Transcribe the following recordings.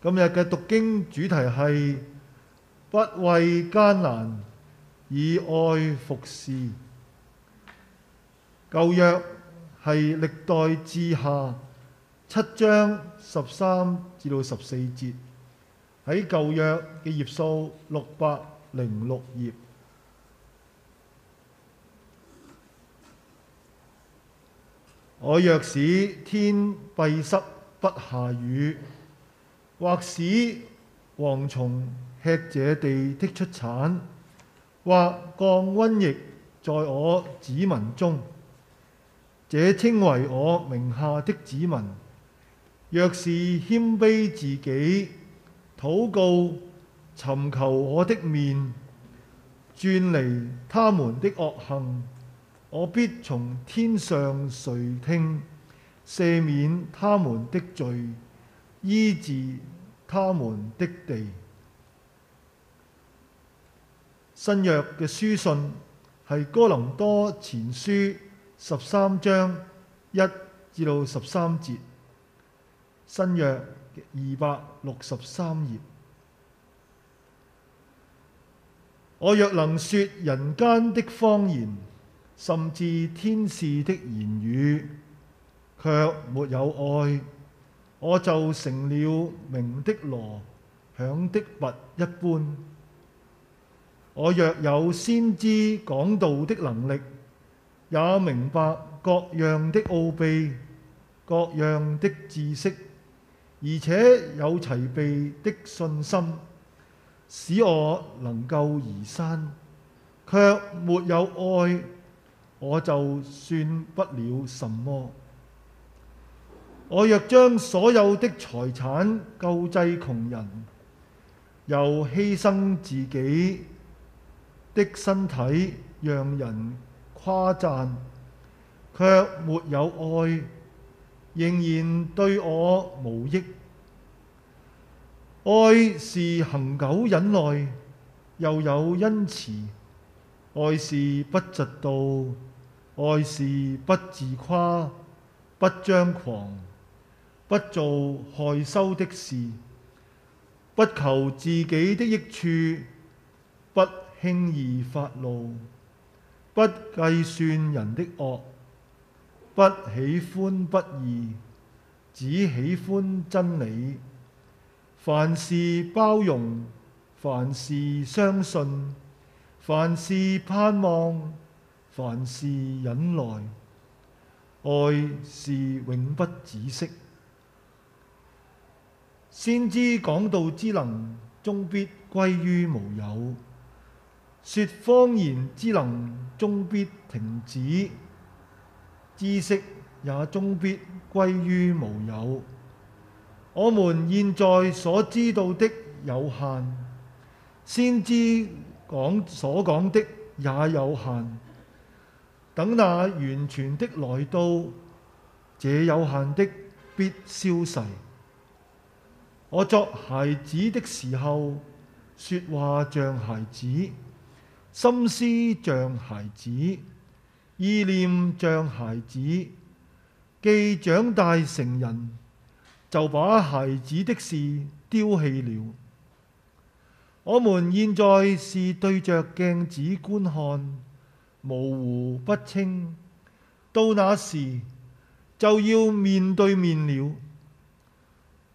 今日嘅讀經主題係「不畏艱難，以愛服侍。」舊約係歷代志下七章十三至到十四節，喺舊約嘅頁數六百零六頁。我若使天閉塞不下雨。或使蝗蟲吃這地的出產，或降瘟疫在我子民中，這稱為我名下的子民。若是謙卑自己，禱告尋求我的面，轉離他們的惡行，我必從天上垂聽，赦免他們的罪，醫治他們的地。新約嘅書信係哥林多前書十三章一至到十三節，新約二百六十三頁。我若能說人間的方言，甚至天使的言語，卻沒有愛。我就成了鳴的鑼、響的鈸一般。我若有先知講道的能力，也明白各樣的奧秘、各樣的知識，而且有齊備的信心，使我能夠移山，卻沒有愛，我就算不了什麼。我若將所有的財產救濟窮人，又犧牲自己的身體讓人誇讚，卻沒有愛，仍然對我無益。愛是恆久忍耐，又有恩慈。愛是不嫉妒，愛是不自誇，不張狂。不做害羞的事，不求自己的益處，不輕易發怒，不計算人的惡，不喜歡不義，只喜歡真理。凡事包容，凡事相信，凡事盼望，凡事忍耐。愛是永不止息。先知講道之能，終必歸於無有；説方言之能，終必停止；知識也終必歸於無有。我們現在所知道的有限，先知講所講的也有限。等那完全的來到，這有限的必消逝。我作孩子的時候，說話像孩子，心思像孩子，意念像孩子。既長大成人，就把孩子的事丟棄了。我們現在是對着鏡子觀看，模糊不清。到那時，就要面對面了。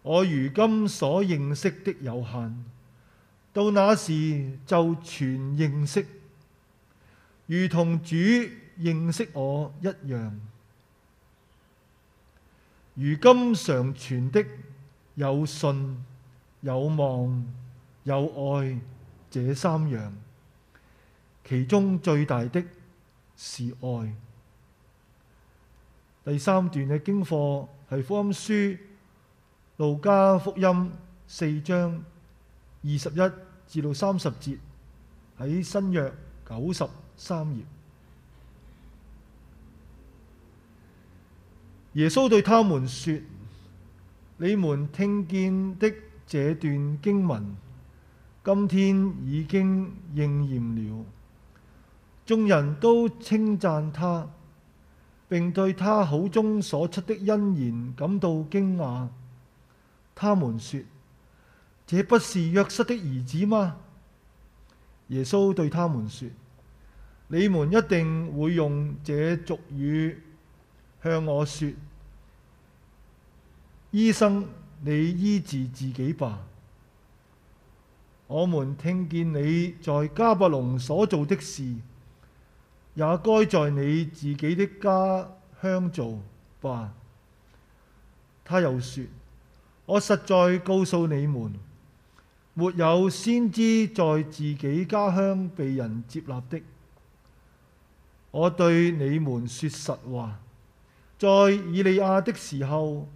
我如今所認識的有限，到那時就全認識，如同主認識我一樣。如今常存的有信、有望、有愛，這三樣，其中最大的是愛。第三段嘅經課係福音書。路加福音四章二十一至到三十節，喺新約九十三頁。耶穌對他們說：你們聽見的這段經文，今天已經應驗了。眾人都稱讚他，並對他口中所出的恩言感到驚訝。他們說：這不是約瑟的兒子嗎？耶穌對他們說：你們一定會用這俗語向我説：醫生，你醫治自己吧。我們聽見你在迦百農所做的事，也該在你自己的家鄉做吧。他又説。我實在告訴你們，沒有先知在自己家鄉被人接納的。我對你們說實話，在以利亞的時候，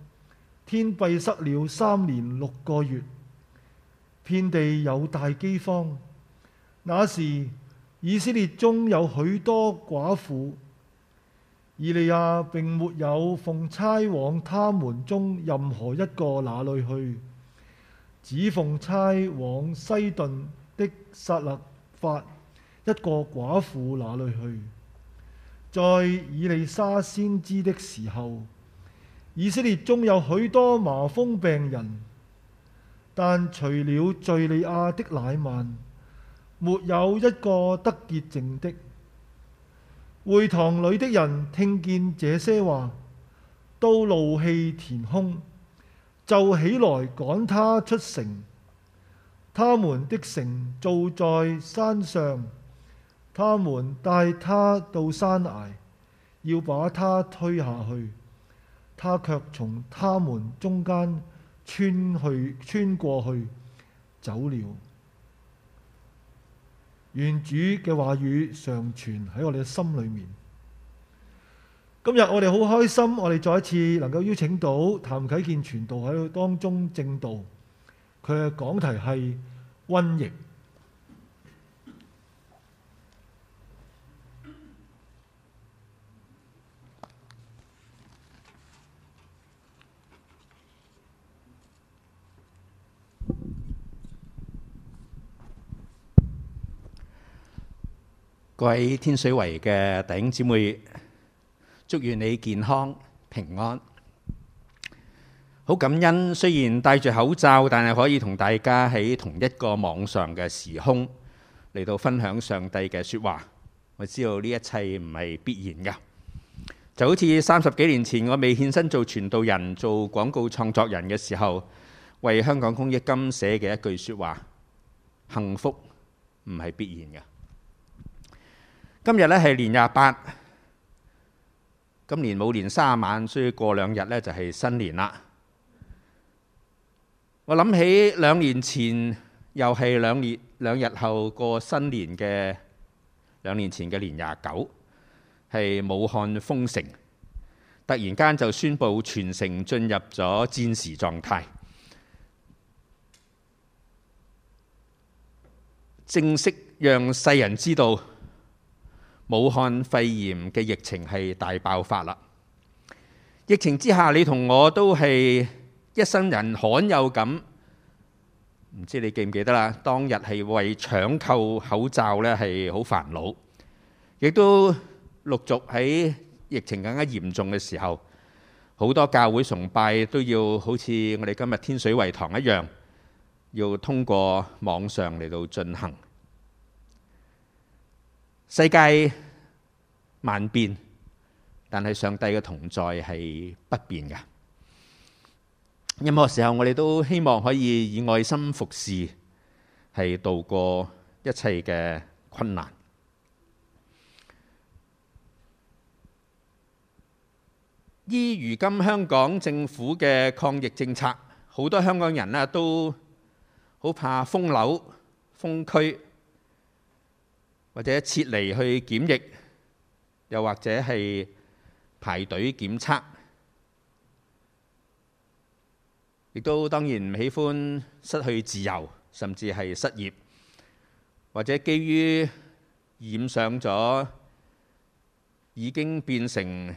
天閉塞了三年六個月，遍地有大饑荒。那時以色列中有許多寡婦。以利亞並沒有奉差往他們中任何一個那裏去，只奉差往西頓的撒勒法一個寡婦那裏去。在以利沙先知的時候，以色列中有許多麻風病人，但除了敍利亞的乃曼，沒有一個得潔淨的。會堂裏的人聽見這些話，都怒氣填胸，就起來趕他出城。他們的城造在山上，他們帶他到山崖，要把他推下去。他卻從他們中間穿去，穿過去，走了。願主嘅話語常存喺我哋嘅心裏面。今日我哋好開心，我哋再一次能夠邀請到譚啟見傳道喺當中證道，佢嘅講題係瘟疫。各位天水圍嘅弟兄姊妹，祝願你健康平安。好感恩，雖然戴住口罩，但係可以同大家喺同一個網上嘅時空嚟到分享上帝嘅說話。我知道呢一切唔係必然㗎，就好似三十幾年前我未獻身做傳道人，做廣告創作人嘅時候，為香港公益金寫嘅一句說話：幸福唔係必然嘅。今日呢係年廿八，今年冇年卅晚，所以過兩日呢就係新年啦。我諗起兩年前，又係兩年兩日後過新年嘅兩年前嘅年廿九，係武漢封城，突然間就宣布全城進入咗戰時狀態，正式讓世人知道。武漢肺炎嘅疫情係大爆發啦！疫情之下，你同我都係一生人罕有咁，唔知你記唔記得啦？當日係為搶購口罩呢，係好煩惱，亦都陸續喺疫情更加嚴重嘅時候，好多教會崇拜都要好似我哋今日天，天水圍堂一樣，要通過網上嚟到進行。世界萬變，但係上帝嘅同在係不變㗎。任何時候，我哋都希望可以以愛心服侍，係度過一切嘅困難。依如今香港政府嘅抗疫政策，好多香港人咧都好怕封樓、封區。或者撤離去檢疫，又或者係排隊檢測，亦都當然唔喜歡失去自由，甚至係失業，或者基於染上咗已經變成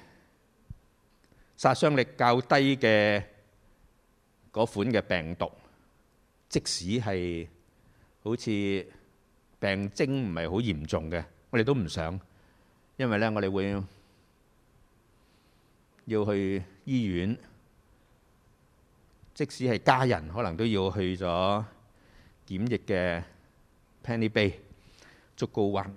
殺傷力較低嘅嗰款嘅病毒，即使係好似，病徵唔係好嚴重嘅，我哋都唔想，因為呢，我哋會要去醫院，即使係家人可能都要去咗檢疫嘅 Penny Bay，逐個患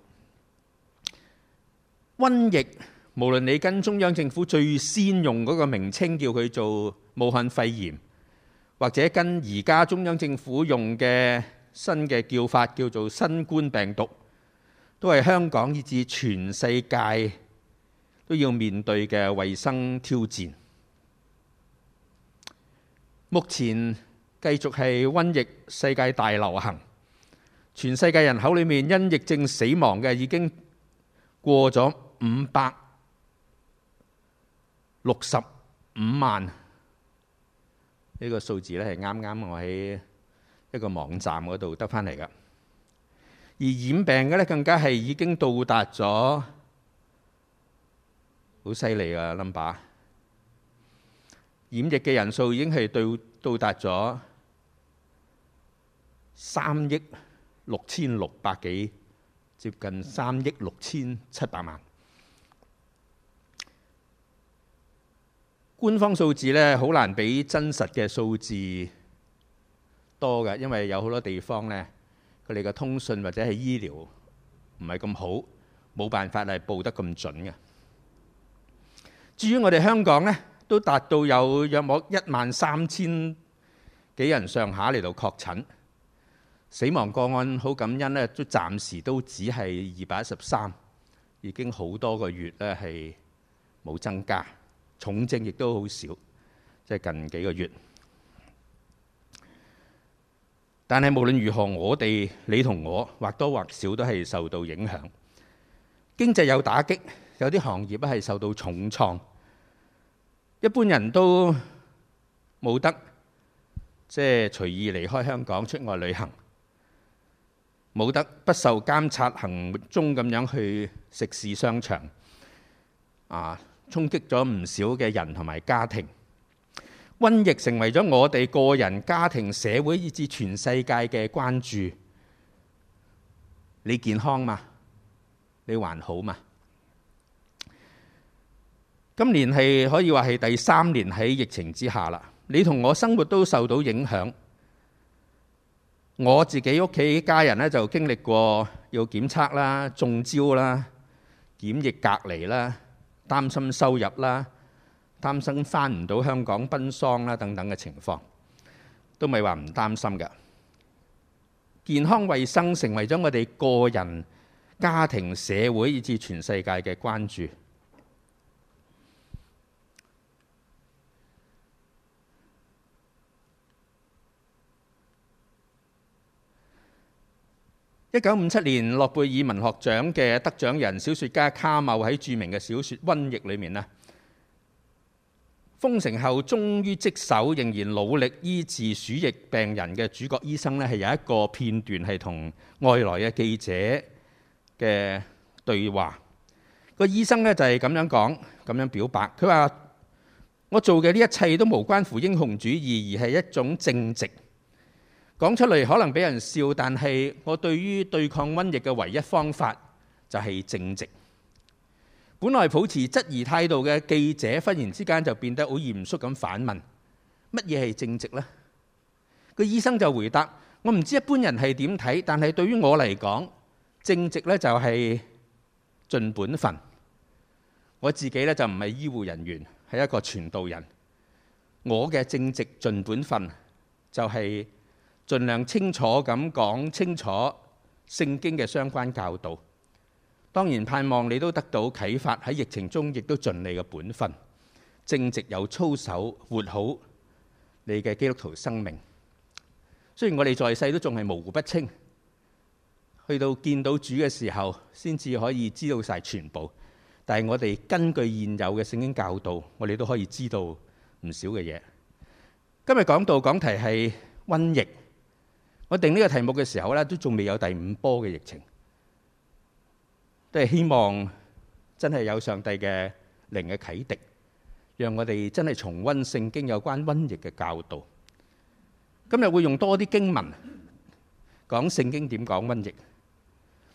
瘟疫。無論你跟中央政府最先用嗰個名稱叫佢做武漢肺炎，或者跟而家中央政府用嘅。新嘅叫法叫做新冠病毒，都係香港以至全世界都要面對嘅衞生挑戰。目前繼續係瘟疫世界大流行，全世界人口裏面因疫症死亡嘅已經過咗五百六十五萬。呢、呢個數字呢係啱啱我喺一個網站嗰度得返嚟㗎，而染病嘅呢，更加係已經到達咗好犀利呀 number，染疫嘅人數已經係到到達咗三億六千六百幾，接近三億六千七百萬。官方數字呢，好難俾真實嘅數字。多嘅，因為有好多地方咧，佢哋嘅通訊或者係醫療唔係咁好，冇辦法係報得咁準嘅。至於我哋香港咧，都達到有約莫一萬三千幾人上下嚟到確診。死亡個案好感恩咧，都暫時都只係二百一十三，已經好多個月咧係冇增加，重症亦都好少，即係近幾個月。但係無論如何，我哋你同我或多或少都係受到影響。經濟有打擊，有啲行業係受到重創。一般人都冇得即係隨意離開香港出外旅行，冇得不受監察行蹤咁樣去食肆商場。啊，衝擊咗唔少嘅人同埋家庭。瘟疫成為咗我哋個人、家庭、社會以至全世界嘅關注。你健康嗎？你還好嗎？今年係可以話係第三年喺疫情之下啦。你同我生活都受到影響。我自己屋企家人呢，就經歷過要檢測啦、中招啦、檢疫隔離啦、擔心收入啦。擔心返唔到香港奔喪啦，等等嘅情況都咪話唔擔心嘅。健康衛生成為咗我哋個人、家庭、社會以至全世界嘅關注。一九五七年諾貝爾文學獎嘅得獎人、小說家卡繆喺著名嘅小說《瘟疫》裏面啊，封城後，終於職守，仍然努力醫治鼠疫病人嘅主角醫生咧，係有一個片段係同外來嘅記者嘅對話。個醫生呢就係咁樣講，咁樣表白。佢話：我做嘅呢一切都無關乎英雄主義，而係一種正直。講出嚟可能俾人笑，但係我對於對抗瘟疫嘅唯一方法就係正直。本來抱持質疑態度嘅記者，忽然之間就變得好嚴肅咁反問：乜嘢係正直呢？個醫生就回答：我唔知一般人係點睇，但係對於我嚟講，正直呢就係盡本份。我自己呢，就唔係醫護人員，係一個傳道人。我嘅正直盡本份，就係盡量清楚咁講清楚聖經嘅相關教導。當然盼望你都得到啟發，喺疫情中亦都盡你嘅本分，正直有操守，活好你嘅基督徒生命。雖然我哋在世都仲係模糊不清，去到見到主嘅時候，先至可以知道晒全部。但係我哋根據現有嘅聖經教導，我哋都可以知道唔少嘅嘢。今日講道講題係瘟疫。我定呢個題目嘅時候呢，都仲未有第五波嘅疫情。都係希望真係有上帝嘅靈嘅啟迪，讓我哋真係重溫聖經有關瘟疫嘅教導。今日會用多啲經文講聖經點講瘟疫，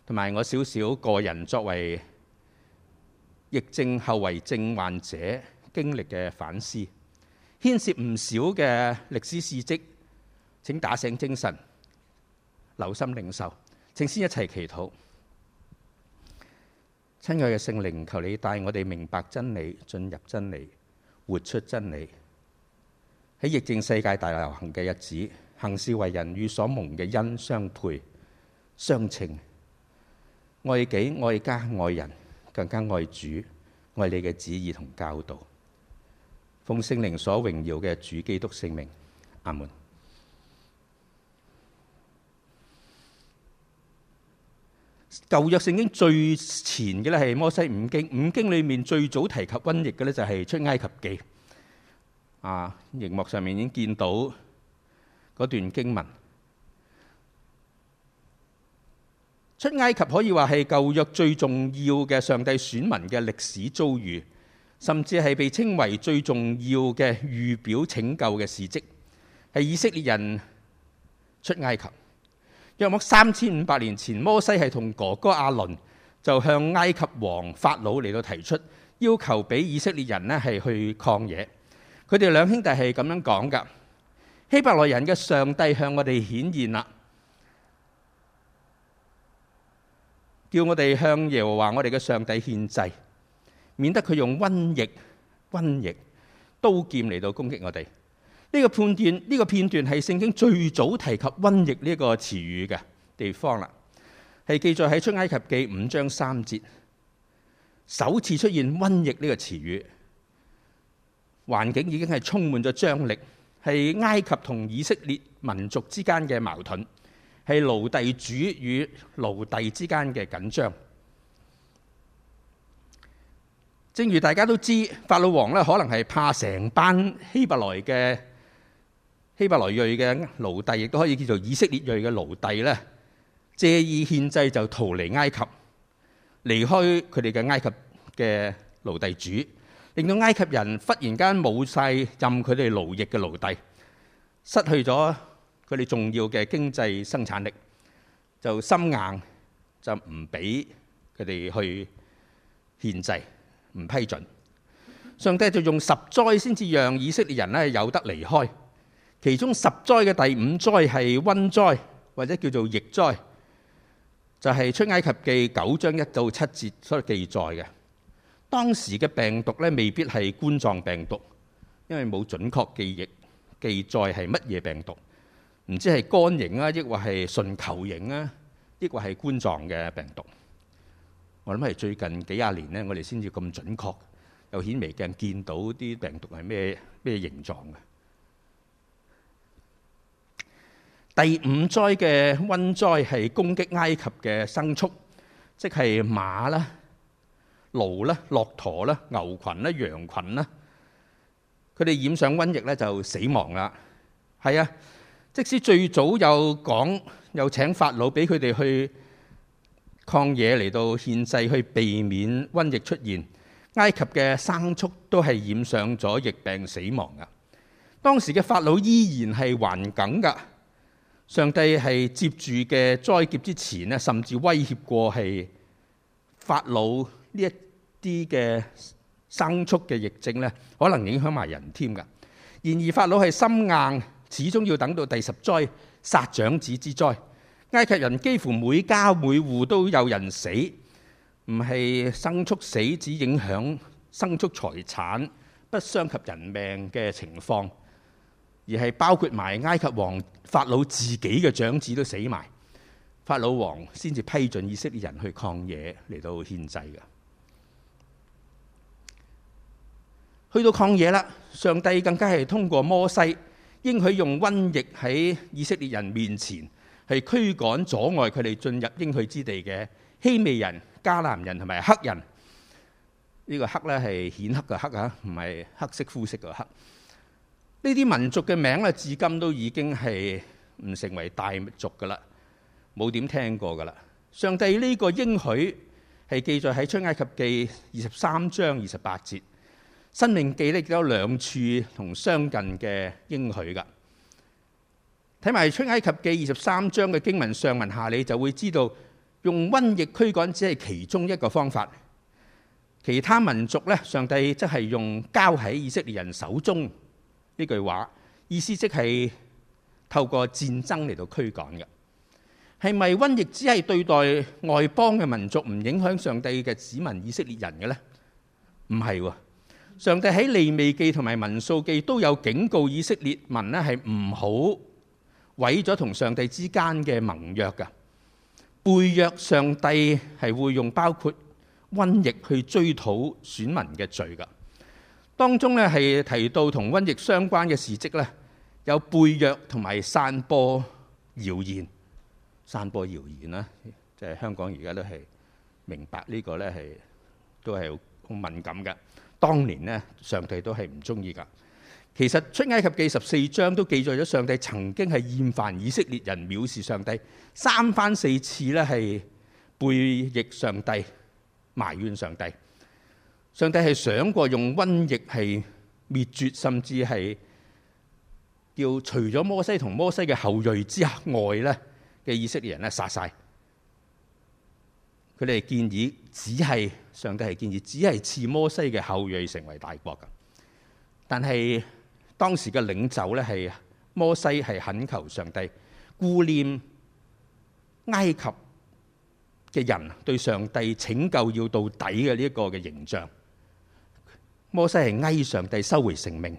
同埋我少少個人作為疫症後遺症患者經歷嘅反思，牽涉唔少嘅歷史事蹟。請打醒精神，留心領受。請先一齊祈禱。親愛嘅聖靈，求你帶我哋明白真理，進入真理，活出真理。喺疫症世界大流行嘅日子，行事為人與所蒙嘅恩相配相稱，愛己、愛家、愛人，更加愛主，愛你嘅旨意同教導。奉聖靈所榮耀嘅主基督聖名，阿門。舊約聖經最前嘅咧係摩西五經，五經裡面最早提及瘟疫嘅呢，就係出埃及記。啊，熒幕上面已經見到嗰段經文。出埃及可以話係舊約最重要嘅上帝選民嘅歷史遭遇，甚至係被稱為最重要嘅預表拯救嘅事蹟，係以色列人出埃及。約莫三千五百年前，摩西係同哥哥阿倫就向埃及王法老嚟到提出要求，俾以色列人咧係去曠野。佢哋兩兄弟係咁樣講噶：希伯來人嘅上帝向我哋顯現啦，叫我哋向耶和華我哋嘅上帝獻祭，免得佢用瘟疫、瘟疫、刀劍嚟到攻擊我哋。呢個判斷，呢個片段係聖、這個、經最早提及瘟疫呢個詞語嘅地方啦，係記載喺出埃及記五章三節，首次出現瘟疫呢個詞語。環境已經係充滿咗張力，係埃及同以色列民族之間嘅矛盾，係奴隸主與奴隸之間嘅緊張。正如大家都知，法老王咧可能係怕成班希伯來嘅。希伯來裔嘅奴隸，亦都可以叫做以色列裔嘅奴隸咧。借意獻祭就逃離埃及，離開佢哋嘅埃及嘅奴隸主，令到埃及人忽然間冇曬任佢哋奴役嘅奴隸，失去咗佢哋重要嘅經濟生產力，就心硬就唔俾佢哋去獻祭，唔批准。上帝就用十災先至讓以色列人咧有得離開。其中十災嘅第五災係瘟災，或者叫做疫災，就係出埃及記九章一到七節所記載嘅。當時嘅病毒咧未必係冠狀病毒，因為冇準確記憶記載係乜嘢病毒，唔知係肝型啊，抑或係純球型啊，抑或係冠狀嘅病毒。我諗係最近幾廿年咧，我哋先至咁準確，有顯微鏡見到啲病毒係咩咩形狀嘅。第五災嘅瘟災係攻擊埃及嘅牲畜，即係馬啦、驢啦、駱駝啦、牛羣啦、羊羣啦，佢哋染上瘟疫咧就死亡啦。係啊，即使最早有講有請法老俾佢哋去曠野嚟到獻祭，去避免瘟疫出現，埃及嘅牲畜都係染上咗疫病死亡噶。當時嘅法老依然係患梗噶。上帝係接住嘅災劫之前咧，甚至威脅過係法老呢一啲嘅牲畜嘅疫症呢，可能影響埋人添㗎。然而法老係心硬，始終要等到第十災，殺長子之災，埃及人幾乎每家每戶都有人死，唔係牲畜死，只影響牲畜財產，不傷及人命嘅情況。而係包括埋埃及王法老自己嘅長子都死埋，法老王先至批准以色列人去曠野嚟到獻祭嘅。去到曠野啦，上帝更加係通過摩西，應許用瘟疫喺以色列人面前係驅趕阻礙佢哋進入應許之地嘅希未人、迦南人同埋赫人。呢、這個赫咧係顯赫嘅赫啊，唔係黑色膚色嘅黑。呢啲民族嘅名咧，至今都已經係唔成為大族噶啦，冇點聽過噶啦。上帝呢個應許係記載喺出埃及記二十三章二十八節，申命記咧有兩處同相近嘅應許噶。睇埋出埃及記二十三章嘅經文上文下理，你就會知道用瘟疫驅趕只係其中一個方法，其他民族呢，上帝則係用交喺以色列人手中。呢句話意思即係透過戰爭嚟到驅趕嘅。係咪瘟疫只係對待外邦嘅民族，唔影響上帝嘅子民以色列人嘅呢？唔係喎，上帝喺利未記同埋民數記都有警告以色列民呢係唔好毀咗同上帝之間嘅盟約㗎。背約，上帝係會用包括瘟疫去追討選民嘅罪㗎。當中呢係提到同瘟疫相關嘅事蹟呢，有背約同埋散播謠言，散播謠言啦，即係香港而家都係明白呢個呢係都係好敏感嘅。當年呢，上帝都係唔中意㗎。其實出埃及記十四章都記載咗上帝曾經係厭煩以色列人藐視上帝，三番四次呢係背逆上帝，埋怨上帝。上帝係想過用瘟疫係滅絕，甚至係叫除咗摩西同摩西嘅後裔之外咧嘅以色列人咧殺晒。佢哋建議只係上帝係建議只係似摩西嘅後裔成為大國噶。但係當時嘅領袖咧係摩西係懇求上帝顧念埃及嘅人對上帝拯救要到底嘅呢一個嘅形象。摩西係哀求上帝收回成命，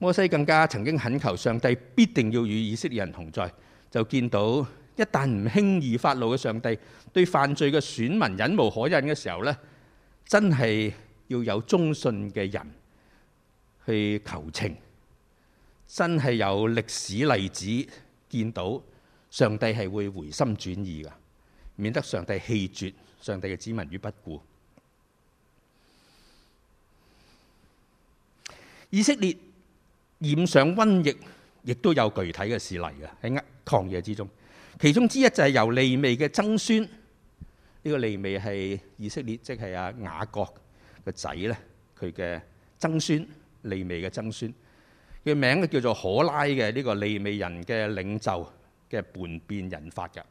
摩西更加曾經懇求上帝必定要與以色列人同在，就見到一旦唔輕易發怒嘅上帝對犯罪嘅選民忍無可忍嘅時候呢，真係要有忠信嘅人去求情，真係有歷史例子見到上帝係會回心轉意噶，免得上帝棄絕上帝嘅子民於不顧。以色列染上瘟疫，亦都有具體嘅事例嘅喺抗疫之中。其中之一就係由利未嘅曾孫，呢、這個利未係以色列，即係阿雅各嘅仔咧，佢嘅曾孫利未嘅曾孫佢名叫做可拉嘅呢、這個利未人嘅領袖嘅叛變引發嘅。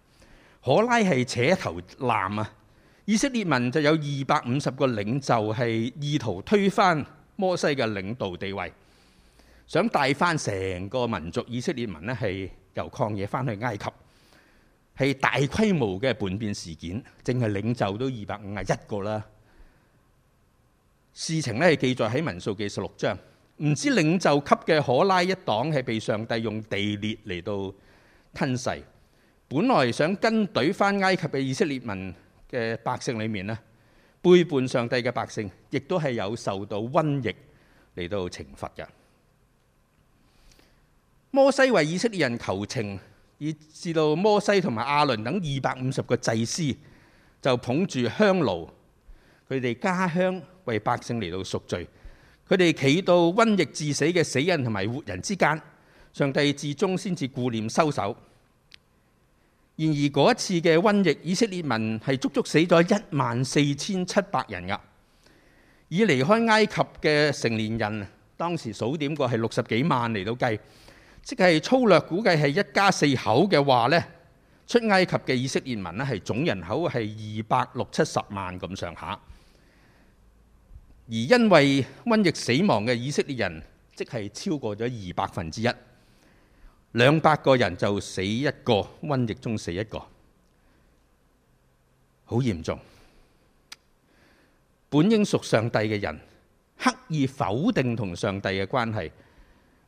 可拉係扯頭纜啊！以色列民就有二百五十個領袖係意圖推翻。摩西嘅領導地位，想帶翻成個民族以色列民呢，係由曠野翻去埃及，係大規模嘅叛變事件，淨係領袖都二百五十一個啦。事情呢係記載喺民數記十六章，唔止領袖級嘅可拉一黨係被上帝用地裂嚟到吞噬，本來想跟隊翻埃及嘅以色列民嘅百姓裡面呢。背叛上帝嘅百姓，亦都係有受到瘟疫嚟到懲罰嘅。摩西為以色列人求情，以至到摩西同埋亞倫等二百五十個祭司就捧住香爐，佢哋加香為百姓嚟到贖罪。佢哋企到瘟疫致死嘅死人同埋活人之間，上帝至終先至顧念收手。然而嗰一次嘅瘟疫，以色列民係足足死咗一萬四千七百人噶。已離開埃及嘅成年人，當時數點過係六十幾萬嚟到計，即係粗略估計係一家四口嘅話呢，出埃及嘅以色列民咧係總人口係二百六七十萬咁上下，而因為瘟疫死亡嘅以色列人，即係超過咗二百分之一。兩百個人就死一個，瘟疫中死一個，好嚴重。本應屬上帝嘅人，刻意否定同上帝嘅關係，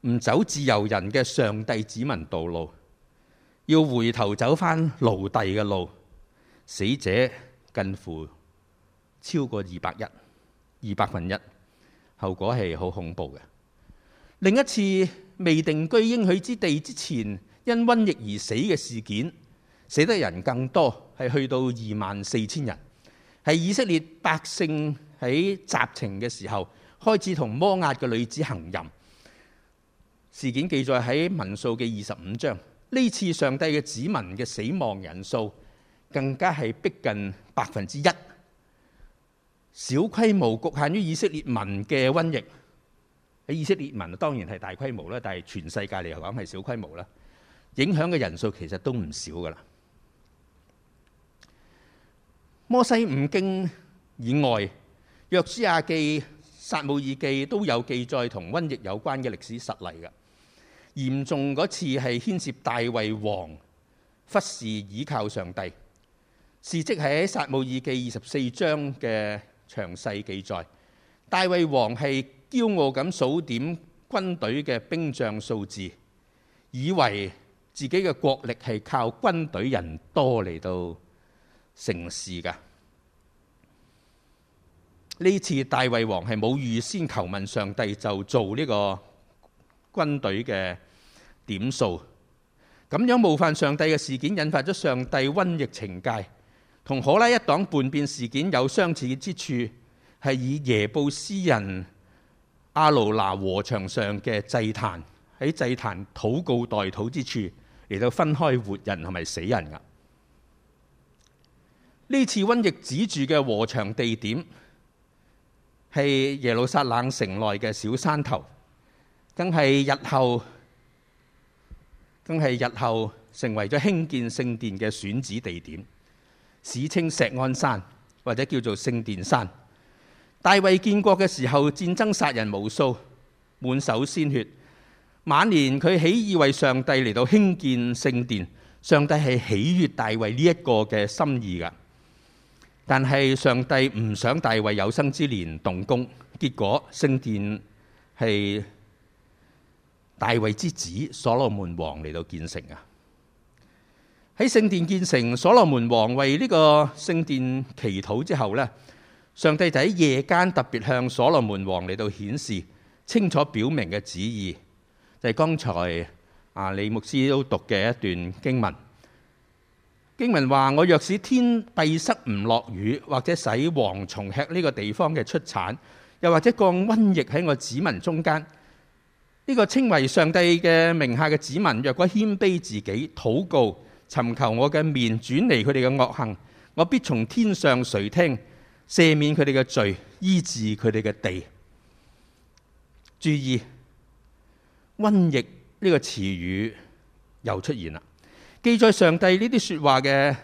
唔走自由人嘅上帝子民道路，要回頭走翻奴隸嘅路，死者近乎超過二百一，二百分一，後果係好恐怖嘅。另一次。未定居應許之地之前，因瘟疫而死嘅事件，死得人更多，係去到二萬四千人。係以色列百姓喺集情嘅時候，開始同摩押嘅女子行淫。事件記載喺民數嘅二十五章。呢次上帝嘅子民嘅死亡人數，更加係逼近百分之一。小規模局限於以色列民嘅瘟疫。喺以色列民當然係大規模啦，但係全世界嚟講係小規模啦。影響嘅人數其實都唔少噶啦。摩西五經以外，《約書亞記》《撒母耳記》都有記載同瘟疫有關嘅歷史實例㗎。嚴重嗰次係牽涉大衛王，忽視倚靠上帝，事蹟係喺《撒母耳記》二十四章嘅詳細記載。大衛王係，驕傲咁數點軍隊嘅兵將數字，以為自己嘅國力係靠軍隊人多嚟到成事噶。呢次大衛王係冇預先求問上帝就做呢個軍隊嘅點數，咁樣冒犯上帝嘅事件，引發咗上帝瘟疫懲戒，同可拉一黨叛變事件有相似之處，係以耶布斯人。阿勞拿禾場上嘅祭壇，喺祭壇禱告代禱之處，嚟到分開活人同埋死人㗎，啊？呢次瘟疫止住嘅禾場地點，係耶路撒冷城內嘅小山頭，更係日後，更係日後成為咗興建聖殿嘅選址地點，史稱錫安山或者叫做聖殿山。大衛建國嘅時候，戰爭殺人無數，滿手鮮血。晚年佢起意為上帝嚟到興建聖殿，上帝係喜悦大衛呢一個嘅心意噶。但係上帝唔想大衛有生之年動工，結果聖殿係大衛之子所羅門王嚟到建成啊！喺聖殿建成，所羅門王為呢個聖殿祈禱之後呢。上帝就喺夜間特別向所羅門王嚟到顯示清楚表明嘅旨意，就係剛才啊李牧師都讀嘅一段經文。經文話：我若使天閉塞唔落雨，或者使蝗蟲吃呢個地方嘅出產，又或者降瘟疫喺我子民中間，呢、這個稱為上帝嘅名下嘅子民，若果謙卑自己，禱告，尋求我嘅面，轉離佢哋嘅惡行，我必從天上垂聽。赦免佢哋嘅罪，醫治佢哋嘅地。注意，瘟疫呢個詞語又出現啦。記載上帝呢啲說話嘅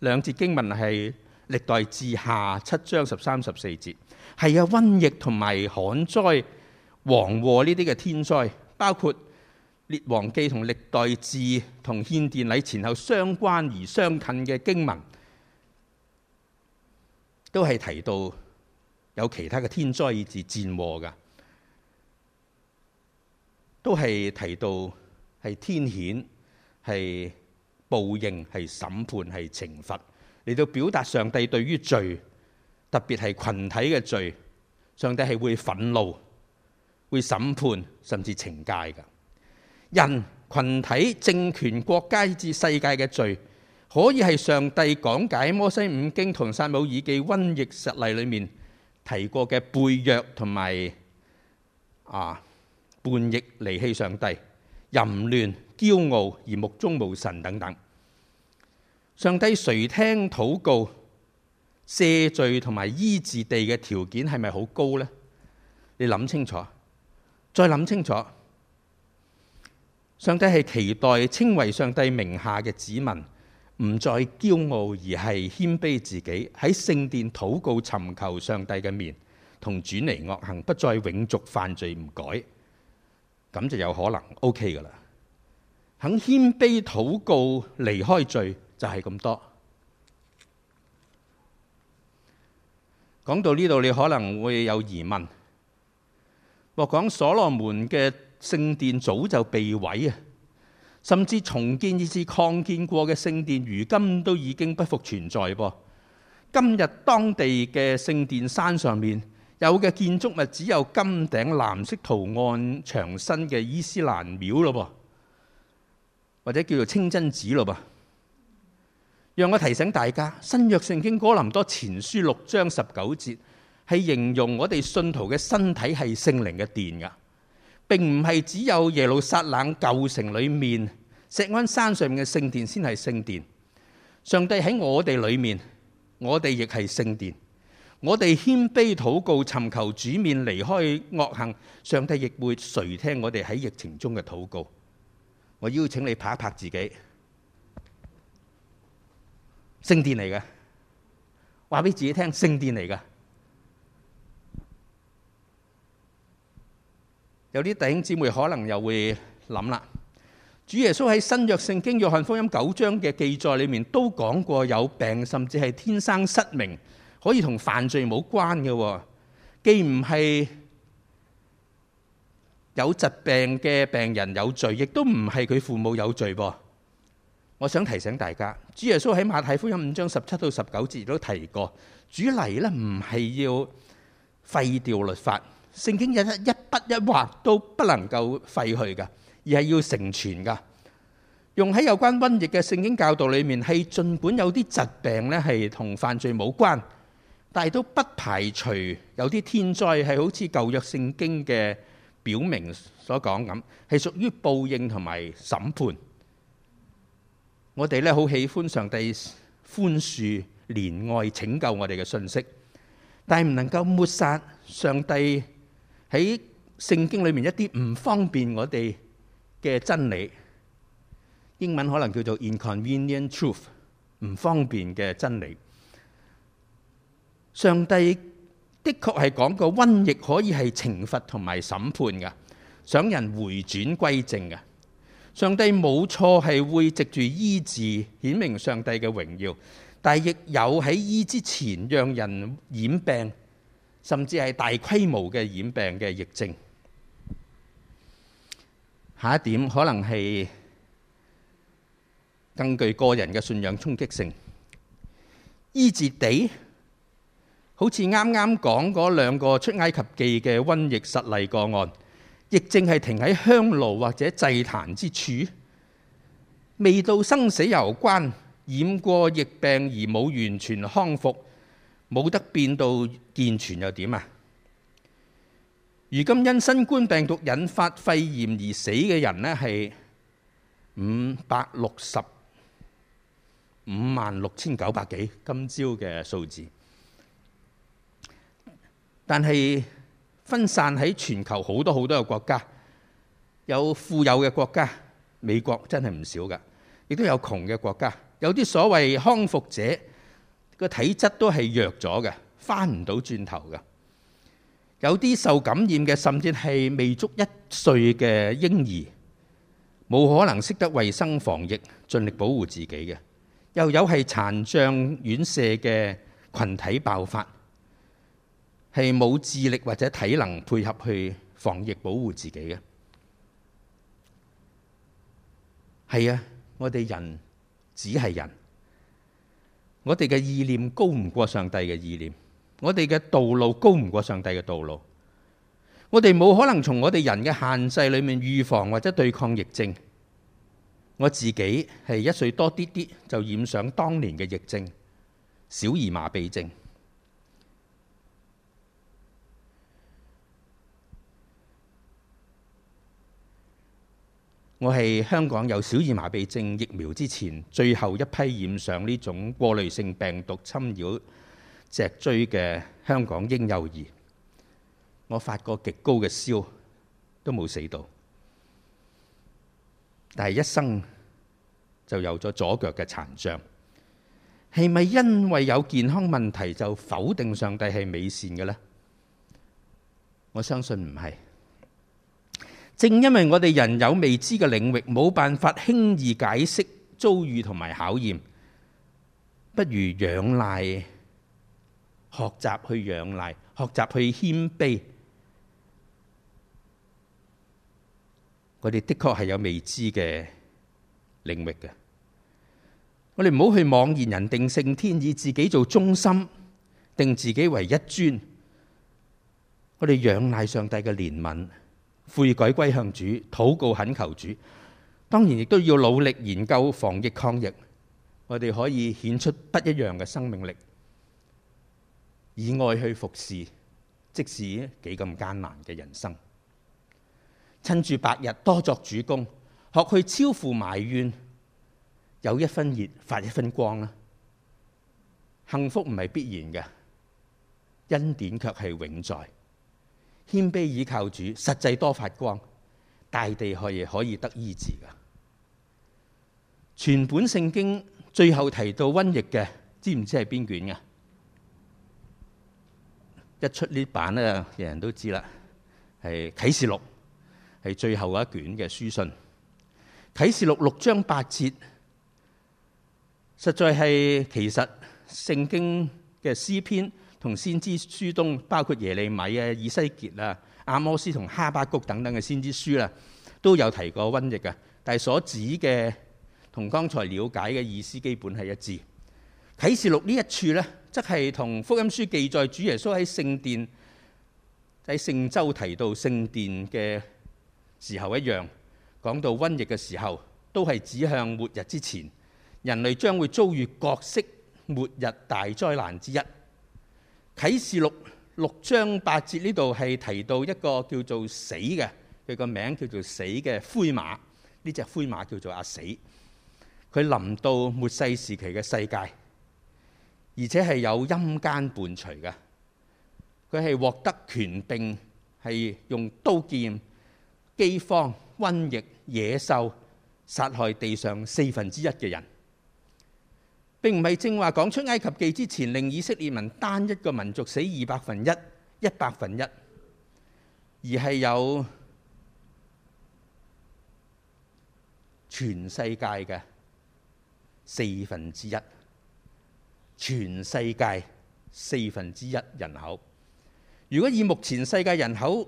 兩節經文係《歷代志下》七章十三十四節，係有瘟疫同埋旱災、蝗禍呢啲嘅天災，包括《列王記》同《歷代志》同獻殿禮前後相關而相近嘅經文。都係提到有其他嘅天災以至戰禍噶，都係提到係天譴、係報應、係審判、係懲罰，嚟到表達上帝對於罪，特別係群體嘅罪，上帝係會憤怒、會審判甚至懲戒噶，人群體、政權、國家以至世界嘅罪。可以係上帝講解摩西五經同撒母耳記瘟疫實例裏面提過嘅背約同埋啊，叛逆離棄上帝淫亂驕傲而目中無神等等。上帝垂聽禱告赦罪同埋醫治地嘅條件係咪好高呢？你諗清楚，再諗清楚，上帝係期待稱為上帝名下嘅子民，唔再驕傲，而係謙卑自己，喺聖殿禱告尋求上帝嘅面，同轉離惡行，不再永續犯罪唔改，咁就有可能 OK 㗎喇。肯謙卑禱告，離開罪就係咁多。講到呢度，你可能會有疑問，我講所羅門嘅聖殿早就被毀啊。甚至重建以至擴建過嘅聖殿，如今都已經不復存在噃。今日當地嘅聖殿山上面有嘅建築物，只有金頂藍色圖案牆身嘅伊斯蘭廟咯噃，或者叫做清真寺咯噃。讓我提醒大家，《新約聖經哥林多前書六章十九節》係形容我哋信徒嘅身體係聖靈嘅殿㗎。並唔係只有耶路撒冷舊城裏面，錫安山上面嘅聖殿先係聖殿。上帝喺我哋裏面，我哋亦係聖殿。我哋謙卑禱告，尋求主面離開惡行，上帝亦會垂聽我哋喺疫情中嘅禱告。我邀請你拍一拍自己，聖殿嚟嘅，話俾自己聽，聖殿嚟㗎。有啲弟兄姊妹可能又會諗啦，主耶穌喺新約聖經約翰福音九章嘅記載裏面都講過，有病甚至係天生失明，可以同犯罪冇關嘅，既唔係有疾病嘅病人有罪，亦都唔係佢父母有罪噃。我想提醒大家，主耶穌喺馬太福音五章十七到十九節都提過，主嚟，呢唔係要廢掉律法。聖經一筆一一筆一畫都不能夠廢去噶而係要成全噶用喺有關瘟疫嘅聖經教導裏面，係盡管有啲疾病呢係同犯罪冇關，但係都不排除有啲天災係好似舊約聖經嘅表明所講咁，係屬於報應同埋審判。我哋呢好喜歡上帝寬恕、憐愛、拯救我哋嘅信息，但係唔能夠抹殺上帝。喺聖經裏面一啲唔方便我哋嘅真理，英文可能叫做 inconvenient truth，唔方便嘅真理。上帝的確係講過瘟疫可以係懲罰同埋審判㗎，想人回轉歸正㗎。上帝冇錯係會藉住醫治顯明上帝嘅榮耀，但係亦有喺醫之前讓人染病。甚至係大規模嘅染病嘅疫症。下一點可能係根據個人嘅信仰衝擊性，醫治地好似啱啱講嗰兩個出埃及記嘅瘟疫實例個案，疫症係停喺香爐或者祭壇之處，未到生死攸關，染過疫病而冇完全康復。冇得變到健全又點啊？如今因新冠病毒引發肺炎而死嘅人呢，係五百六十五萬六千九百幾，今朝嘅數字。但係分散喺全球好多好多嘅國家，有富有嘅國家，美國真係唔少㗎，亦都有窮嘅國家，有啲所謂康復者。個體質都係弱咗嘅，翻唔到轉頭嘅。有啲受感染嘅，甚至係未足一歲嘅嬰兒，冇可能識得衛生防疫，盡力保護自己嘅。又有係殘障院舍嘅群體爆發，係冇智力或者體能配合去防疫保護自己嘅。係啊，我哋人只係人。我哋嘅意念高唔過上帝嘅意念，我哋嘅道路高唔過上帝嘅道路，我哋冇可能從我哋人嘅限制裏面預防或者對抗疫症。我自己係一歲多啲啲就染上當年嘅疫症，小兒麻痹症。我係香港有小兒麻痹症疫苗之前，最後一批染上呢種過濾性病毒侵擾脊椎嘅香港嬰幼兒，我發過極高嘅燒都冇死到，但係一生就有咗左腳嘅殘障。係咪因為有健康問題就否定上帝係美善嘅咧？我相信唔係。正因為我哋人有未知嘅領域，冇辦法輕易解釋遭遇同埋考驗，不如仰賴學習去仰賴，學習去謙卑。我哋的確係有未知嘅領域嘅，我哋唔好去妄言人定勝天，以自己做中心，定自己為一尊。我哋仰賴上帝嘅憐憫。悔改歸向主，禱告懇求主，當然亦都要努力研究防疫抗疫。我哋可以顯出不一樣嘅生命力，以愛去服侍，即使幾咁艱難嘅人生。趁住白日多作主工，學去超乎埋怨，有一分熱發一分光啊。幸福唔係必然嘅，恩典卻係永在。謙卑倚靠主，實際多發光，大地可以可以得醫治噶。全本聖經最後提到瘟疫嘅，知唔知係邊卷噶？一出呢版咧，人人都知啦，係啟示錄，係最後一卷嘅書信。啟示錄六章八節，實在係其實聖經嘅詩篇。同先知書東包括耶利米啊、以西結啊、阿摩司同哈巴谷等等嘅先知書啦，都有提過瘟疫嘅，但係所指嘅同剛才了解嘅意思基本係一致。啟示錄呢一處咧，則係同福音書記載主耶穌喺聖殿喺聖週提到聖殿嘅時候一樣，講到瘟疫嘅時候，都係指向末日之前人類將會遭遇各式末日大災難之一。啟示錄六章八節呢度係提到一個叫做死嘅，佢個名叫做死嘅灰馬。呢隻灰馬叫做阿死，佢臨到末世時期嘅世界，而且係有陰間伴隨嘅。佢係獲得權柄，係用刀劍、饑荒、瘟疫、野獸殺害地上四分之一嘅人。並唔係正話講出埃及記，記之前，令以色列民單一個民族死二百分一、一百分一，而係有全世界嘅四分之一，全世界四分之一人口。如果以目前世界人口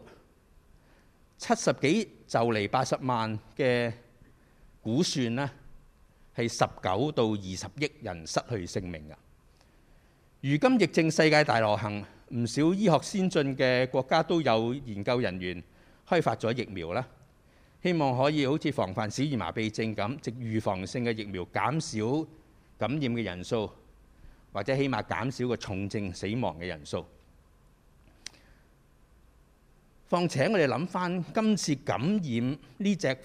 七十幾就嚟八十萬嘅估算咧。係十九到二十億人失去性命噶。如今疫症世界大流行，唔少醫學先進嘅國家都有研究人員開發咗疫苗啦，希望可以好似防範小兒麻痹症咁，即預防性嘅疫苗減少感染嘅人數，或者起碼減少個重症死亡嘅人數。況且我哋諗返今次感染呢隻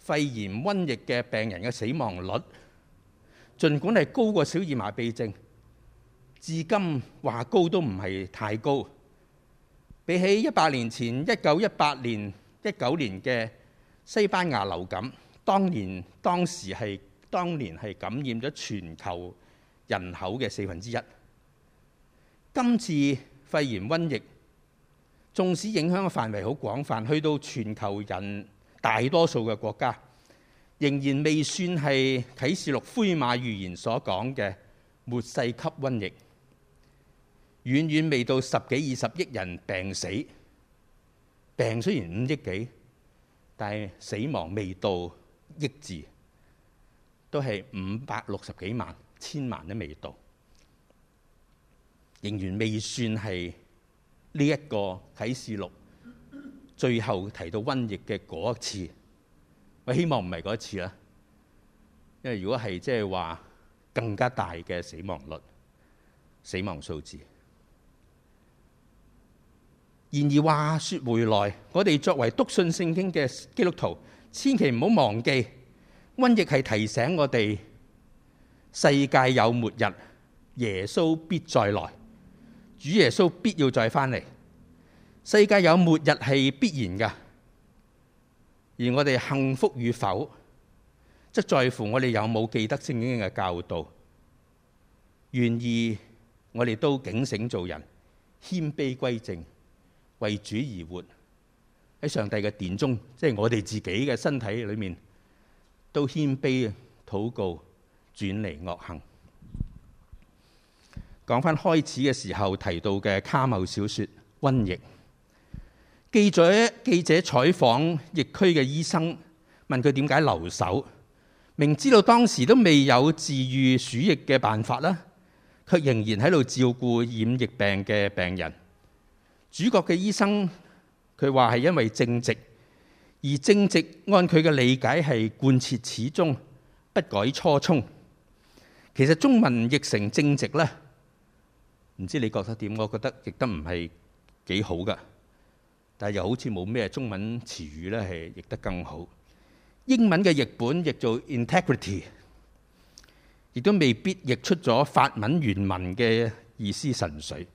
肺炎瘟疫嘅病人嘅死亡率，盡管係高過小兒麻痹症，至今話高都唔係太高。比起一百年前一九一八年一九年嘅西班牙流感，當年當時係當年係感染咗全球人口嘅四分之一。今次肺炎瘟疫，縱使影響嘅範圍好廣泛，去到全球人。大多數嘅國家仍然未算係《啟示錄》灰馬預言所講嘅末世級瘟疫，遠遠未到十幾二十億人病死。病雖然五億幾，但係死亡未到億字，都係五百六十幾萬、千萬都未到，仍然未算係呢一個《啟示錄》。最後提到瘟疫嘅嗰一次，我希望唔係嗰一次啦，因為如果係即係話更加大嘅死亡率、死亡數字。然而話說回來，我哋作為篤信聖經嘅基督徒，千祈唔好忘記瘟疫係提醒我哋世界有末日，耶穌必再來，主耶穌必要再翻嚟。世界有末日係必然噶，而我哋幸福與否，則在乎我哋有冇記得聖經嘅教導，願意我哋都警醒做人，謙卑歸正，為主而活，喺上帝嘅殿中，即係我哋自己嘅身體裏面，都謙卑禱告，轉離惡行。講返開始嘅時候提到嘅卡繆小説《瘟疫》。記者記者採訪疫區嘅醫生，問佢點解留守，明知道當時都未有治愈鼠疫嘅辦法啦，卻仍然喺度照顧染疫病嘅病人。主角嘅醫生佢話係因為正直，而正直按佢嘅理解係貫徹始終，不改初衷。其實中文譯成正直咧，唔知你覺得點？我覺得譯得唔係幾好噶。但係又好似冇咩中文詞語咧係譯得更好。英文嘅譯本譯做 integrity，亦都未必譯出咗法文原文嘅意思純粹。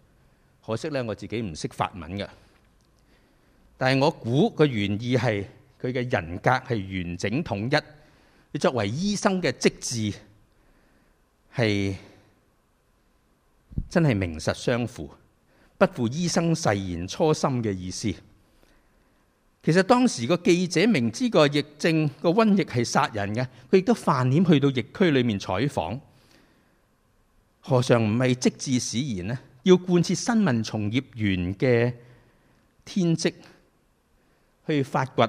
可惜咧，我自己唔識法文嘅。但係我估個原意係佢嘅人格係完整統一。你作為醫生嘅職志係真係名實相符，不負醫生誓言初心嘅意思。其實當時個記者明知個疫症、個瘟疫係殺人嘅，佢亦都犯險去到疫區裏面採訪，何嘗唔係職志使然呢？要貫徹新聞從業員嘅天職，去發掘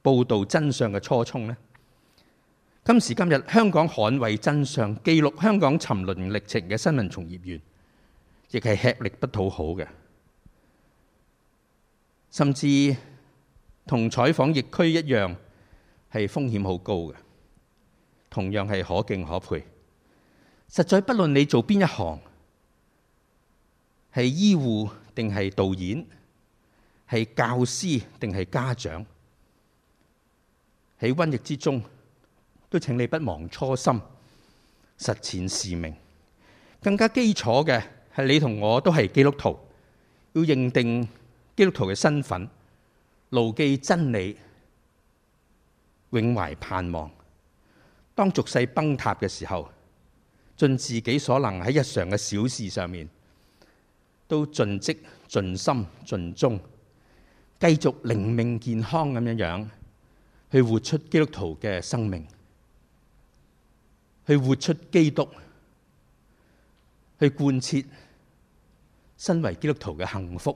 報導真相嘅初衷呢？今時今日，香港捍衞真相、記錄香港沉淪歷程嘅新聞從業員，亦係吃力不討好嘅，甚至……同採訪疫區一樣，係風險好高嘅，同樣係可敬可佩。實在不論你做邊一行，係醫護定係導演，係教師定係家長，喺瘟疫之中，都請你不忘初心，實踐使命。更加基礎嘅係你同我都係基督徒，要認定基督徒嘅身份。牢記真理，永懷盼望。當俗世崩塌嘅時候，盡自己所能喺日常嘅小事上面，都盡職、盡心、盡忠，繼續靈命健康咁樣樣，去活出基督徒嘅生命，去活出基督，去貫徹身為基督徒嘅幸福。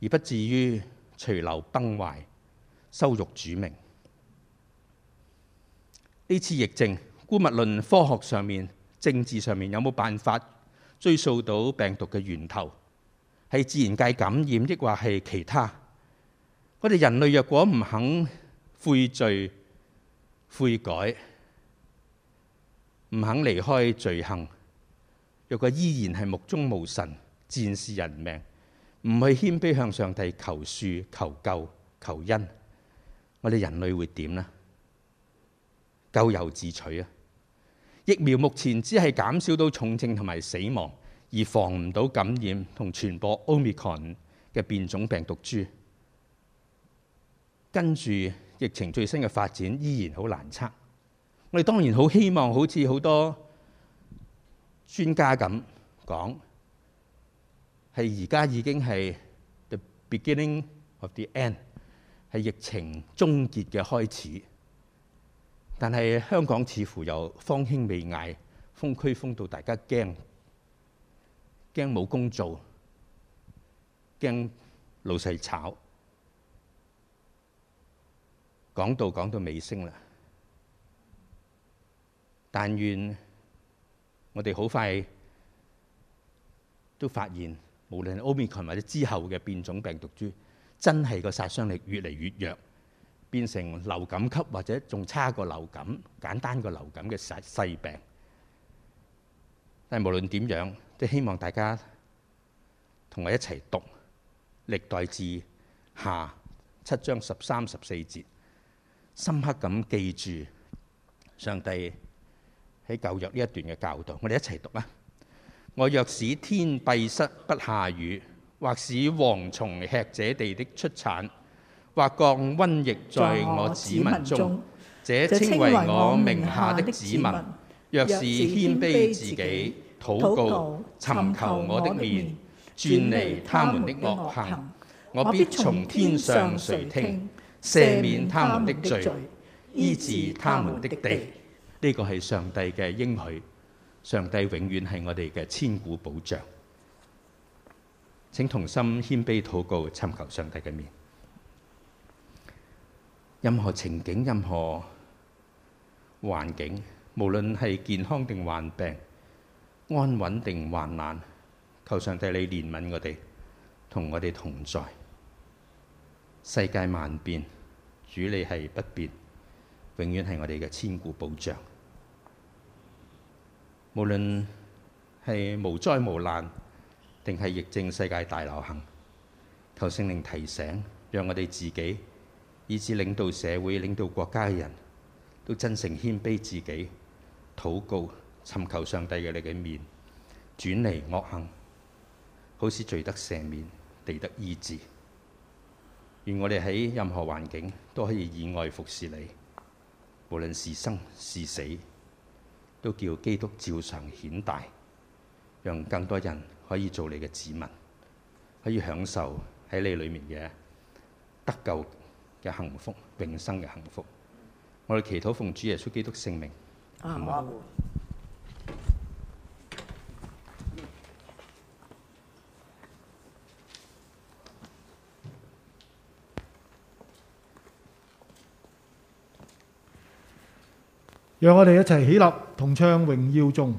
而不至於隨流崩壞、羞辱主名。呢次疫症，姑勿論科學上面、政治上面有冇辦法追溯到病毒嘅源頭，係自然界感染，抑或係其他。我哋人類若果唔肯悔罪、悔改，唔肯離開罪行，若果依然係目中無神、賤視人命。唔去謙卑向上帝求恕、求救、求恩，我哋人類會點呢？咎由自取啊！疫苗目前只係減少到重症同埋死亡，而防唔到感染同傳播 Omicron 嘅變種病毒株。跟住疫情最新嘅發展依然好難測。我哋當然好希望好似好多專家咁講。係而家已經係 the beginning of the end，係疫情終結嘅開始。但係香港似乎又方興未艾，封區封到大家驚，驚冇工做，驚老細炒，講到講到尾聲啦。但願我哋好快都發現。無論 Omicron 或者之後嘅變種病毒株，真係個殺傷力越嚟越弱，變成流感級或者仲差過流感、簡單過流感嘅細細病。但係無論點樣，都希望大家同我一齊讀歷代志下七章十三十四節，深刻咁記住上帝喺舊約呢一段嘅教導。我哋一齊讀啊！我若使天閉塞不下雨，或使蝗蟲吃這地的出產，或降瘟疫在我子民中，這稱為我名下的子民。若是謙卑自己，禱告尋求我的面，轉離他們的惡行，我必從天上垂聽，赦免他們的罪，醫治他們的地。呢個係上帝嘅應許。上帝永遠係我哋嘅千古保障。請同心謙卑禱告，尋求上帝嘅面。任何情景、任何環境，無論係健康定患病、安穩定患難，求上帝你憐憫我哋，同我哋同在。世界萬變，主你係不變，永遠係我哋嘅千古保障。無論係無災無難，定係疫症世界大流行，求聖靈提醒，讓我哋自己，以致領導社會、領導國家嘅人都真誠謙卑自己，禱告尋求上帝嘅你嘅面，轉離惡行，好使罪得赦免，病得醫治。願我哋喺任何環境都可以以愛服侍你，無論是生是死，都叫基督照常顯大，讓更多人可以做你嘅子民，可以享受喺你裏面嘅得救嘅幸福、永生嘅幸福。我哋祈禱奉主耶穌基督聖名，啊嗯啊。讓我哋一齊起，起立，同唱榮耀頌。